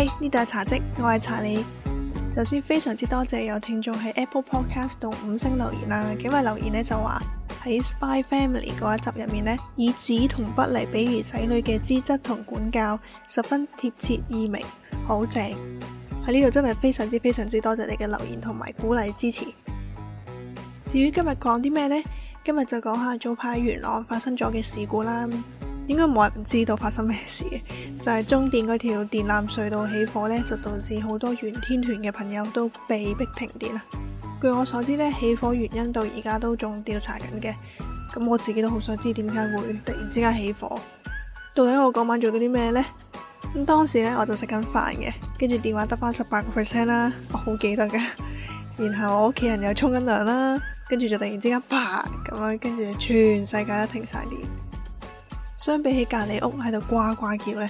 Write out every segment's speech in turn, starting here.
Hi，呢度係茶嘖，我係查理。首先非常之多謝有聽眾喺 Apple Podcast 度五星留言啦，幾位留言呢就話喺 Spy Family 嗰一集入面呢，以紙同筆嚟比喻仔女嘅資質同管教，十分貼切易明。好正。喺呢度真係非常之非常之多謝你嘅留言同埋鼓勵支持。至於今日講啲咩呢？今日就講下早排元朗發生咗嘅事故啦。應該冇人唔知道發生咩事嘅，就係、是、中電嗰條電纜隧道起火呢，就導致好多原天團嘅朋友都被逼停電啦。據我所知呢，起火原因到而家都仲調查緊嘅。咁我自己都好想知點解會突然之間起火，到底我嗰晚做咗啲咩呢？咁當時呢我就食緊飯嘅，跟住電話得翻十八個 percent 啦，我好記得㗎。然後我屋企人又沖緊涼啦，跟住就突然之間，啪咁樣，跟住全世界都停晒電。相比起隔離屋喺度呱呱叫呢，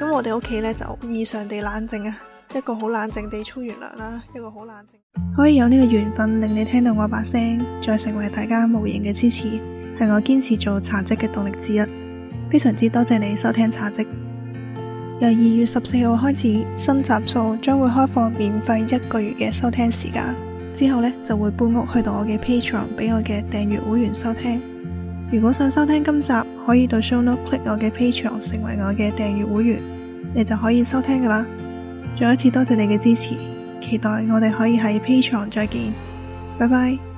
咁我哋屋企呢就異常地冷靜啊！一個好冷靜地沖完涼啦，一個好冷靜。可以有呢個緣分令你聽到我把聲，再成為大家無形嘅支持，係我堅持做茶職嘅動力之一。非常之多謝你收聽茶職。由二月十四號開始，新集數將會開放免費一個月嘅收聽時間，之後呢，就會搬屋去到我嘅 Patreon 俾我嘅訂閱會員收聽。如果想收聽今集，可以到 ShowNote click 我嘅 Patreon 成為我嘅訂閱會員，你就可以收聽噶啦。再一次多謝你嘅支持，期待我哋可以喺 Patreon 再見，拜拜。